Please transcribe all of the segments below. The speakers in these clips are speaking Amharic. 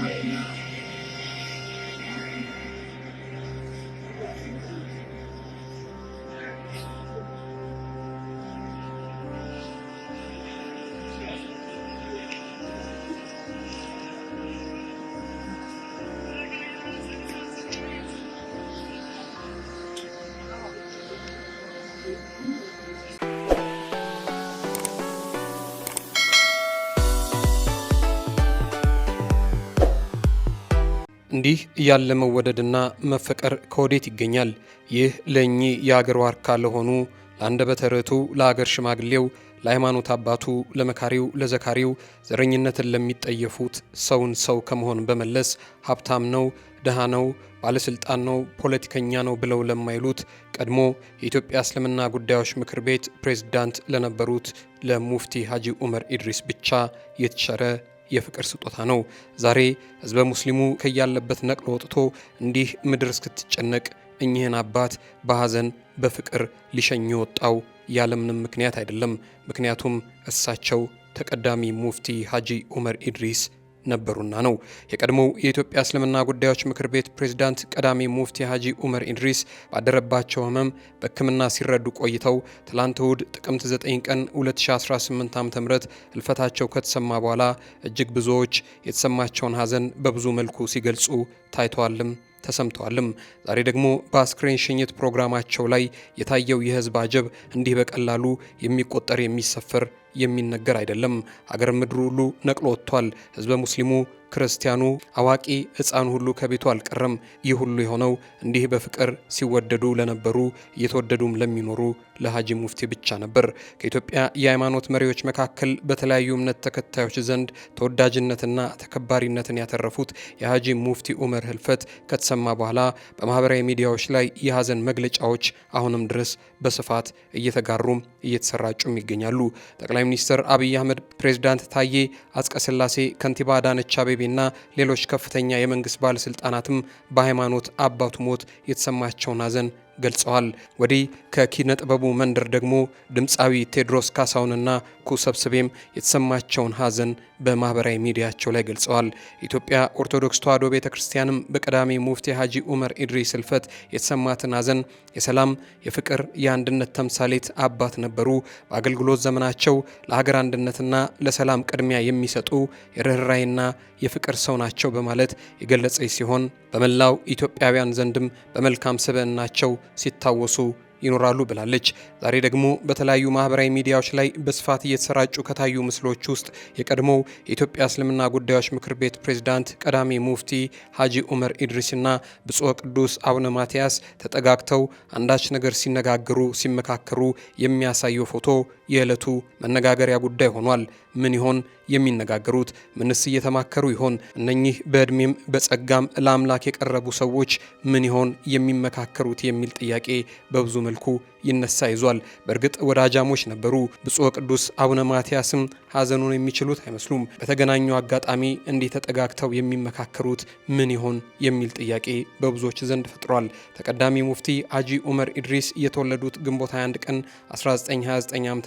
Right now. እንዲህ ያለ መወደድና መፈቀር ከወዴት ይገኛል? ይህ ለእኚህ የአገር ዋርካ ለሆኑ ለአንደበተ ርቱዕ ለአገር ሽማግሌው ለሃይማኖት አባቱ ለመካሪው ለዘካሪው ዘረኝነትን ለሚጠየፉት ሰውን ሰው ከመሆን በመለስ ሀብታም ነው፣ ድሃ ነው፣ ባለስልጣን ነው፣ ፖለቲከኛ ነው ብለው ለማይሉት ቀድሞ የኢትዮጵያ እስልምና ጉዳዮች ምክር ቤት ፕሬዝዳንት ለነበሩት ለሙፍቲ ሀጂ ኡመር ኢድሪስ ብቻ የተቸረ የፍቅር ስጦታ ነው። ዛሬ ህዝበ ሙስሊሙ ከያለበት ነቅሎ ወጥቶ እንዲህ ምድር እስክትጨነቅ እኚህን አባት በሐዘን በፍቅር ሊሸኝ የወጣው ያለምንም ምክንያት አይደለም። ምክንያቱም እሳቸው ተቀዳሚ ሙፍቲ ሐጂ ዑመር ኢድሪስ ነበሩና ነው። የቀድሞው የኢትዮጵያ እስልምና ጉዳዮች ምክር ቤት ፕሬዝዳንት ቀዳሚ ሙፍቲ ሀጂ ኡመር ኢድሪስ ባደረባቸው ህመም በሕክምና ሲረዱ ቆይተው ትላንት እሁድ ጥቅምት 9 ቀን 2018 ዓ.ም እልፈታቸው ከተሰማ በኋላ እጅግ ብዙዎች የተሰማቸውን ሀዘን በብዙ መልኩ ሲገልጹ ታይተዋልም ተሰምተዋልም። ዛሬ ደግሞ በአስክሬን ሽኝት ፕሮግራማቸው ላይ የታየው የህዝብ አጀብ እንዲህ በቀላሉ የሚቆጠር የሚሰፈር የሚነገር አይደለም። አገር ምድሩ ሁሉ ነቅሎ ወጥቷል። ህዝበ ሙስሊሙ፣ ክርስቲያኑ፣ አዋቂ ህፃን ሁሉ ከቤቱ አልቀረም። ይህ ሁሉ የሆነው እንዲህ በፍቅር ሲወደዱ ለነበሩ እየተወደዱም ለሚኖሩ ለሀጂ ሙፍቲ ብቻ ነበር። ከኢትዮጵያ የሃይማኖት መሪዎች መካከል በተለያዩ እምነት ተከታዮች ዘንድ ተወዳጅነትና ተከባሪነትን ያተረፉት የሀጂ ሙፍቲ ኡመር ህልፈት ከተሰማ በኋላ በማህበራዊ ሚዲያዎች ላይ የሀዘን መግለጫዎች አሁንም ድረስ በስፋት እየተጋሩም እየተሰራጩም ይገኛሉ። ጠቅላይ ሚኒስትር አብይ አህመድ፣ ፕሬዝዳንት ታዬ አጽቀሥላሴ፣ ከንቲባ አዳነች አቤቤና ሌሎች ከፍተኛ የመንግስት ባለስልጣናትም በሃይማኖት አባቱ ሞት የተሰማቸውን ሀዘን ገልጸዋል። ወዲህ ከኪነ ጥበቡ መንደር ደግሞ ድምፃዊ ቴዎድሮስ ካሳሁንና ኩሰብስቤም የተሰማቸውን ሀዘን በማህበራዊ ሚዲያቸው ላይ ገልጸዋል። ኢትዮጵያ ኦርቶዶክስ ተዋሕዶ ቤተ ክርስቲያንም በቀዳሚ ሙፍቲ ሀጂ ኡመር ኢድሪስ ስልፈት የተሰማትን ሀዘን የሰላም፣ የፍቅር፣ የአንድነት ተምሳሌት አባት ነበሩ። በአገልግሎት ዘመናቸው ለሀገር አንድነትና ለሰላም ቅድሚያ የሚሰጡ የርኅራይና የፍቅር ሰው ናቸው በማለት የገለጸች ሲሆን በመላው ኢትዮጵያውያን ዘንድም በመልካም ስብዕናቸው ሲታወሱ ይኖራሉ ብላለች። ዛሬ ደግሞ በተለያዩ ማህበራዊ ሚዲያዎች ላይ በስፋት እየተሰራጩ ከታዩ ምስሎች ውስጥ የቀድሞው የኢትዮጵያ እስልምና ጉዳዮች ምክር ቤት ፕሬዝዳንት ቀዳሚ ሙፍቲ ሀጂ ኡመር ኢድሪስና ብፁዕ ቅዱስ አቡነ ማትያስ ተጠጋግተው አንዳች ነገር ሲነጋገሩ ሲመካከሩ የሚያሳየው ፎቶ የዕለቱ መነጋገሪያ ጉዳይ ሆኗል። ምን ይሆን የሚነጋገሩት? ምንስ እየተማከሩ ይሆን? እነኚህ በዕድሜም በጸጋም ለአምላክ የቀረቡ ሰዎች ምን ይሆን የሚመካከሩት የሚል ጥያቄ በብዙ መልኩ ይነሳ ይዟል። በእርግጥ ወዳጃሞች ነበሩ። ብፁዕ ቅዱስ አቡነ ማትያስም ሐዘኑን የሚችሉት አይመስሉም። በተገናኙ አጋጣሚ እንዲህ ተጠጋግተው የሚመካከሩት ምን ይሆን የሚል ጥያቄ በብዙዎች ዘንድ ፈጥሯል። ተቀዳሚ ሙፍቲ ሐጂ ኡመር ኢድሪስ የተወለዱት ግንቦት 21 ቀን 1929 ዓ.ም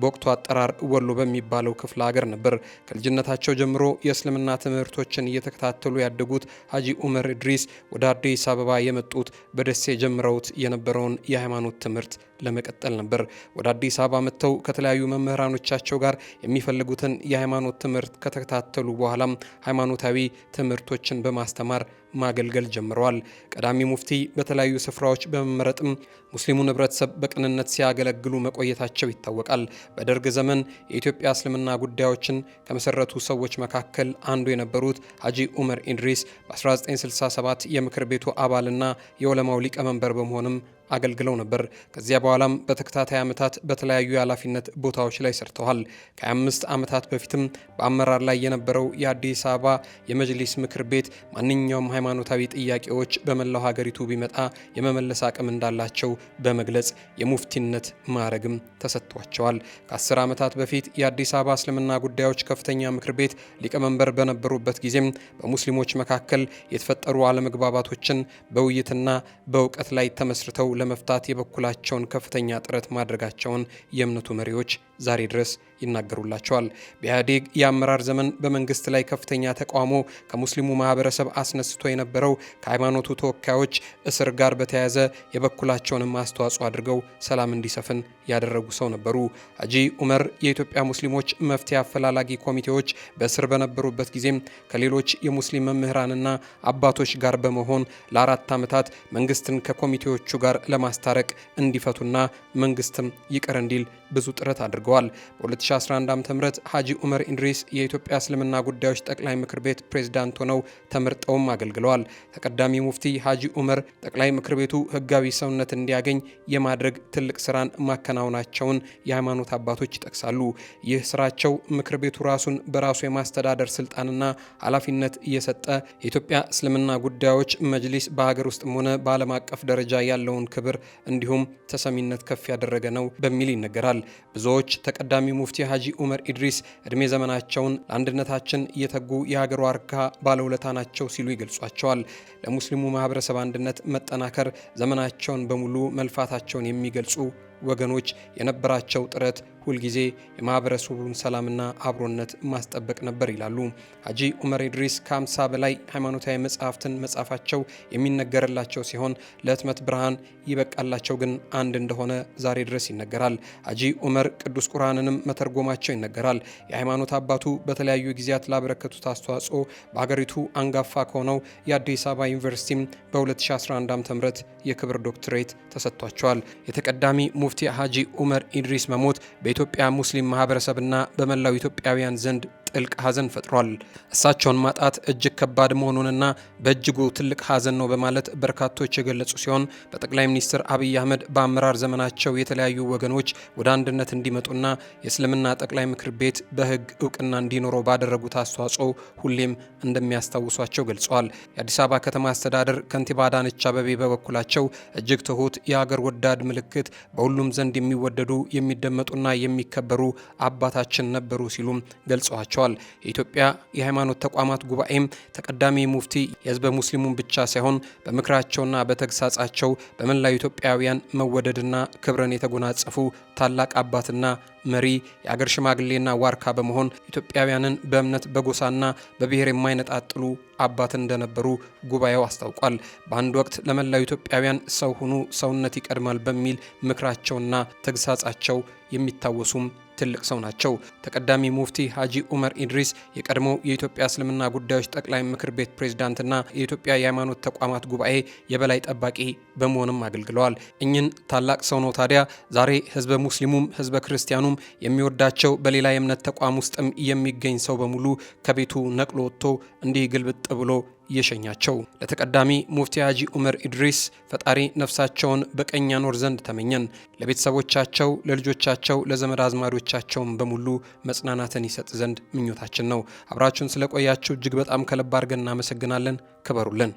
በወቅቱ አጠራር ወሎ በሚባለው ክፍለ ሀገር ነበር። ከልጅነታቸው ጀምሮ የእስልምና ትምህርቶችን እየተከታተሉ ያደጉት ሐጂ ኡመር ኢድሪስ ወደ አዲስ አበባ የመጡት በደሴ ጀምረውት የነበረውን የሃይማኖት ትምህርት ትምህርት ለመቀጠል ነበር ወደ አዲስ አበባ መጥተው ከተለያዩ መምህራኖቻቸው ጋር የሚፈልጉትን የሃይማኖት ትምህርት ከተከታተሉ በኋላም ሃይማኖታዊ ትምህርቶችን በማስተማር ማገልገል ጀምረዋል። ቀዳሚ ሙፍቲ በተለያዩ ስፍራዎች በመመረጥም ሙስሊሙን ህብረተሰብ በቅንነት ሲያገለግሉ መቆየታቸው ይታወቃል። በደርግ ዘመን የኢትዮጵያ እስልምና ጉዳዮችን ከመሰረቱ ሰዎች መካከል አንዱ የነበሩት ሀጂ ኡመር ኢድሪስ በ1967 የምክር ቤቱ አባልና የወለማው ሊቀመንበር በመሆንም አገልግለው ነበር። ከዚያ በኋላም በተከታታይ ዓመታት በተለያዩ የኃላፊነት ቦታዎች ላይ ሰርተዋል። ከ25 ዓመታት በፊትም በአመራር ላይ የነበረው የአዲስ አበባ የመጅሊስ ምክር ቤት ማንኛውም ሃይማኖታዊ ጥያቄዎች በመላው ሀገሪቱ ቢመጣ የመመለስ አቅም እንዳላቸው በመግለጽ የሙፍቲነት ማዕረግም ተሰጥቷቸዋል። ከአስር ዓመታት በፊት የአዲስ አበባ እስልምና ጉዳዮች ከፍተኛ ምክር ቤት ሊቀመንበር በነበሩበት ጊዜም በሙስሊሞች መካከል የተፈጠሩ አለመግባባቶችን በውይይትና በእውቀት ላይ ተመስርተው ለመፍታት የበኩላቸውን ከፍተኛ ጥረት ማድረጋቸውን የእምነቱ መሪዎች ዛሬ ድረስ ይናገሩላቸዋል። በኢህአዴግ የአመራር ዘመን በመንግስት ላይ ከፍተኛ ተቃውሞ ከሙስሊሙ ማህበረሰብ አስነስቶ የነበረው ከሃይማኖቱ ተወካዮች እስር ጋር በተያያዘ የበኩላቸውንም አስተዋጽኦ አድርገው ሰላም እንዲሰፍን ያደረጉ ሰው ነበሩ። ሀጂ ኡመር የኢትዮጵያ ሙስሊሞች መፍትሄ አፈላላጊ ኮሚቴዎች በእስር በነበሩበት ጊዜም ከሌሎች የሙስሊም መምህራንና አባቶች ጋር በመሆን ለአራት ዓመታት መንግስትን ከኮሚቴዎቹ ጋር ለማስታረቅ እንዲፈቱና መንግስትም ይቅር እንዲል ብዙ ጥረት አድርገዋል። በ2011 ዓ ም ሀጂ ኡመር ኢድሪስ የኢትዮጵያ እስልምና ጉዳዮች ጠቅላይ ምክር ቤት ፕሬዝዳንት ሆነው ተመርጠውም አገልግለዋል። ተቀዳሚ ሙፍቲ ሀጂ ኡመር ጠቅላይ ምክር ቤቱ ህጋዊ ሰውነት እንዲያገኝ የማድረግ ትልቅ ስራን ማከናወን ማከናወናቸውን የሃይማኖት አባቶች ይጠቅሳሉ። ይህ ስራቸው ምክር ቤቱ ራሱን በራሱ የማስተዳደር ስልጣንና ኃላፊነት እየሰጠ የኢትዮጵያ እስልምና ጉዳዮች መጅሊስ በሀገር ውስጥም ሆነ በዓለም አቀፍ ደረጃ ያለውን ክብር እንዲሁም ተሰሚነት ከፍ ያደረገ ነው በሚል ይነገራል። ብዙዎች ተቀዳሚ ሙፍቲ ሀጂ ኡመር ኢድሪስ እድሜ ዘመናቸውን ለአንድነታችን እየተጉ የሀገሩ ዋርካ ባለውለታ ናቸው ሲሉ ይገልጿቸዋል። ለሙስሊሙ ማህበረሰብ አንድነት መጠናከር ዘመናቸውን በሙሉ መልፋታቸውን የሚገልጹ ወገኖች የነበራቸው ጥረት ሁልጊዜ የማህበረሰቡን ሰላምና አብሮነት ማስጠበቅ ነበር ይላሉ ሀጂ ኡመር ኢድሪስ። ከ50 በላይ ሃይማኖታዊ መጽሐፍትን መጻፋቸው የሚነገርላቸው ሲሆን ለህትመት ብርሃን ይበቃላቸው ግን አንድ እንደሆነ ዛሬ ድረስ ይነገራል። ሀጂ ኡመር ቅዱስ ቁርአንንም መተርጎማቸው ይነገራል። የሃይማኖት አባቱ በተለያዩ ጊዜያት ላበረከቱት አስተዋጽኦ በሀገሪቱ አንጋፋ ከሆነው የአዲስ አበባ ዩኒቨርሲቲም በ2011 ዓ ም የክብር ዶክትሬት ተሰጥቷቸዋል። የተቀዳሚ ሙፍቲ ሀጂ ኡመር ኢድሪስ መሞት በ በኢትዮጵያ ሙስሊም ማህበረሰብና በመላው ኢትዮጵያውያን ዘንድ ጥልቅ ሐዘን ፈጥሯል። እሳቸውን ማጣት እጅግ ከባድ መሆኑንና በእጅጉ ትልቅ ሐዘን ነው በማለት በርካቶች የገለጹ ሲሆን በጠቅላይ ሚኒስትር አብይ አህመድ በአመራር ዘመናቸው የተለያዩ ወገኖች ወደ አንድነት እንዲመጡና የእስልምና ጠቅላይ ምክር ቤት በህግ እውቅና እንዲኖረው ባደረጉት አስተዋጽኦ ሁሌም እንደሚያስታውሷቸው ገልጸዋል። የአዲስ አበባ ከተማ አስተዳደር ከንቲባ አዳነች አበቤ በበኩላቸው እጅግ ትሁት የሀገር ወዳድ ምልክት፣ በሁሉም ዘንድ የሚወደዱ የሚደመጡና የሚከበሩ አባታችን ነበሩ ሲሉም ገልጸዋቸዋል። አስረድተዋል። የኢትዮጵያ የሃይማኖት ተቋማት ጉባኤም ተቀዳሚ ሙፍቲ የህዝበ ሙስሊሙን ብቻ ሳይሆን በምክራቸውና በተግሳጻቸው በመላው ኢትዮጵያውያን መወደድና ክብርን የተጎናጸፉ ታላቅ አባትና መሪ የአገር ሽማግሌና ዋርካ በመሆን ኢትዮጵያውያንን በእምነት በጎሳና በብሔር የማይነጣጥሉ አባት እንደነበሩ ጉባኤው አስታውቋል። በአንድ ወቅት ለመላው ኢትዮጵያውያን ሰው ሁኑ፣ ሰውነት ይቀድማል በሚል ምክራቸውና ተግሳጻቸው የሚታወሱም ትልቅ ሰው ናቸው። ተቀዳሚ ሙፍቲ ሀጂ ኡመር ኢድሪስ የቀድሞ የኢትዮጵያ እስልምና ጉዳዮች ጠቅላይ ምክር ቤት ፕሬዝዳንትና የኢትዮጵያ የሃይማኖት ተቋማት ጉባኤ የበላይ ጠባቂ በመሆንም አገልግለዋል። እኚህን ታላቅ ሰው ነው ታዲያ ዛሬ ህዝበ ሙስሊሙም ህዝበ ክርስቲያኑም የሚወዳቸው በሌላ የእምነት ተቋም ውስጥም የሚገኝ ሰው በሙሉ ከቤቱ ነቅሎ ወጥቶ እንዲህ ግልብጥ ብሎ የሸኛቸው። ለተቀዳሚ ሙፍቲ ሀጂ ዑመር ኢድሪስ ፈጣሪ ነፍሳቸውን በቀኝ ያኖር ዘንድ ተመኘን። ለቤተሰቦቻቸው፣ ለልጆቻቸው፣ ለዘመድ አዝማዶቻቸውም በሙሉ መጽናናትን ይሰጥ ዘንድ ምኞታችን ነው። አብራችሁን ስለቆያችሁ እጅግ በጣም ከልብ አድርገን እናመሰግናለን። ክበሩልን።